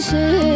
是。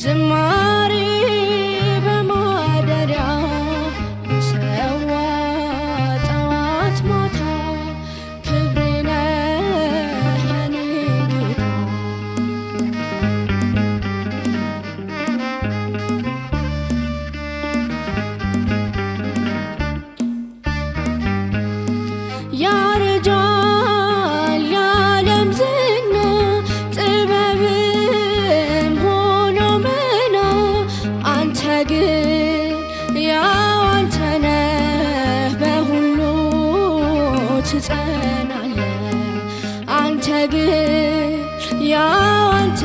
ዝማሬሽ አመሰግናለሁ አንተ ግን ያው አንተ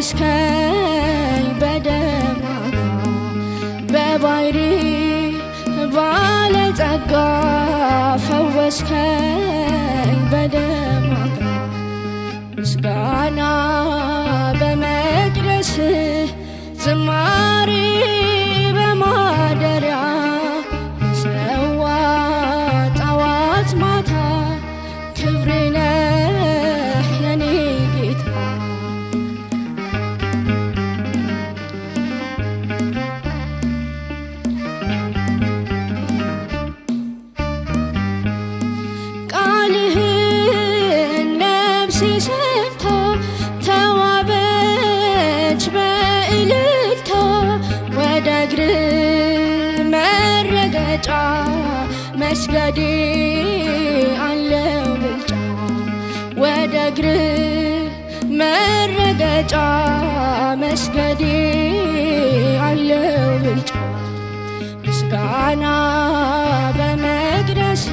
አደረስከኝ በደማና በባሕሪ ባለጠጋ ፈወስከኝ በደማና ምስጋና በመቅደስ ዝማ ሲሰታ ተዋበች በእልልታ ወደ እግር መረገጫ መስገዴ አለው ብልጫ ወደ እግር መረገጫ መስገዴ አለው ብልጫ ምስጋና በመቅደስ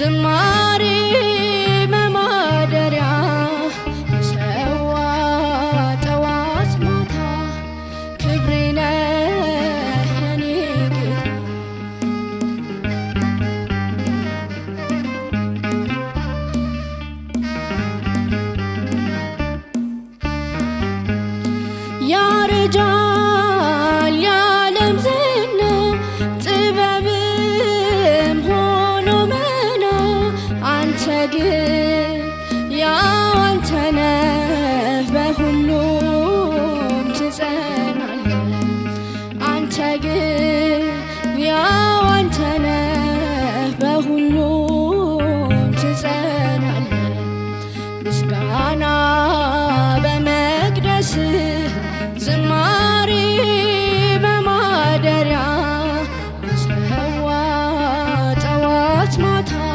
ዝማ much more time.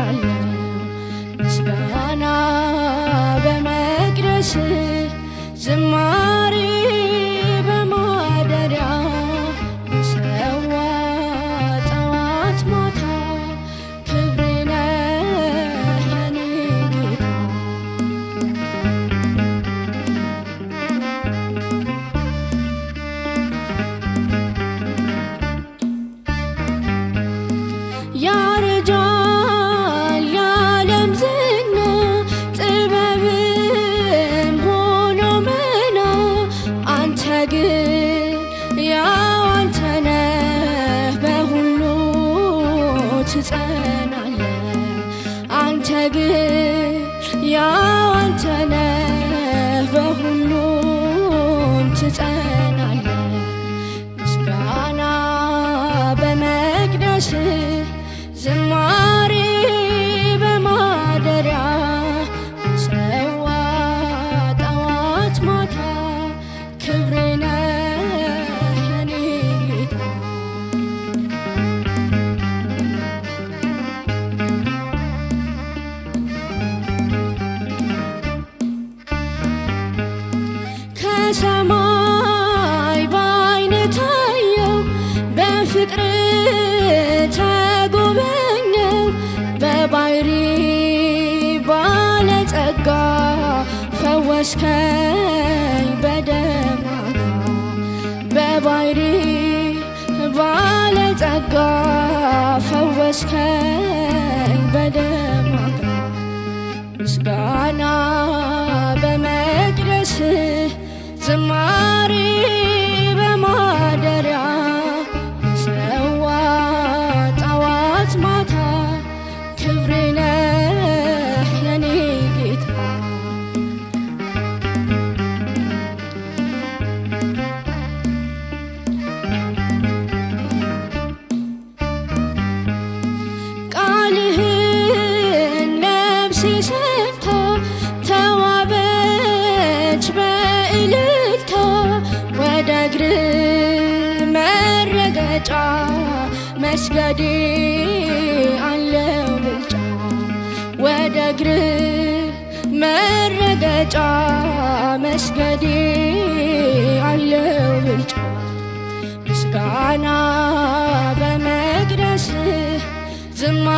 እረጫለሁ ምስጋና በመቅደስ ዝማ አንተ ግን ያው አንተ ነህ በሁሉም ትጸናለህ። ምስጋና በመቅደስ ዝማሬ በማደሪያ መሰዋ ጠዋት ማታ ክብር አዋሽከኝ በደማና በባሕሪ ባለጸጋ ፈወስከኝ በደማና ምስጋና ሲሰምታ ተዋበች በእልልታ ወደ እግር መረገጫ መስገዴ አለው ብልጫ ወደ እግር መረገጫ መስገዴ አለው ብልጫ ምስጋና በመቅደስ ዝማ